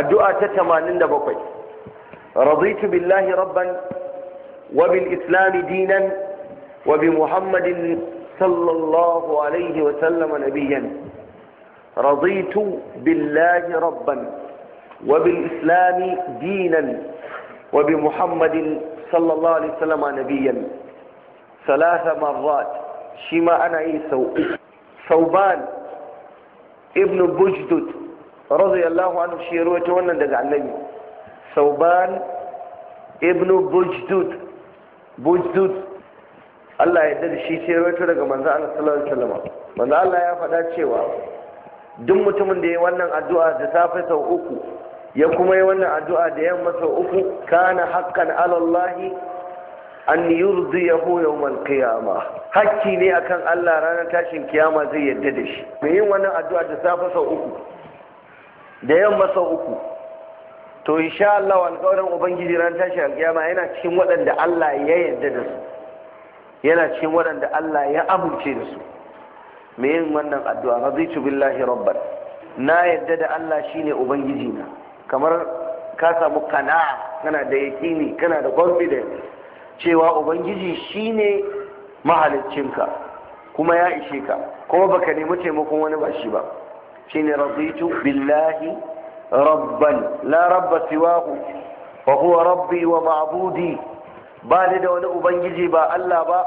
addu'a ta 87 raditu billahi rabban wa bil islam dinan wa bi muhammadin sallallahu alaihi wa sallam nabiyyan raditu billahi rabban wa bil islam dinan wa bi muhammadin sallallahu alaihi wa sallam nabiyyan ثلاث مرات شما أنا إيه ثوبان ابن بجدد radiyallahu anhu shi ruwaito wannan daga annabi sauban ibnu bujdud bujdud Allah ya yarda da shi shi ruwaito daga manzo Allah sallallahu alaihi wasallam manzo Allah ya faɗa cewa duk mutumin da ya wannan addu'a da safe sau uku ya kuma yi wannan addu'a da yamma sau uku kana haqqan ala Allah an yurdiyahu yawmal qiyama hakki ne akan Allah ranar tashin kiyama zai yarda da shi yin wannan addu'a da safe sau uku da yamma sau uku to insha Allah alƙawarin ubangiji ran tashi alƙiyama yana cikin waɗanda Allah ya yarda da su yana cikin waɗanda Allah ya amince da su me yin wannan addu'a raditu billahi rabban na yarda da Allah shine ubangiji na kamar ka samu kana'a kana da yaƙini kana da confidence cewa ubangiji shi shine mahaliccinka kuma ya ishe ka kuma baka nemi taimakon wani ba shi ba شيني رضيت بالله ربا لا رب سواه وهو ربي ومعبودي بالد ولا أبنجي با الله با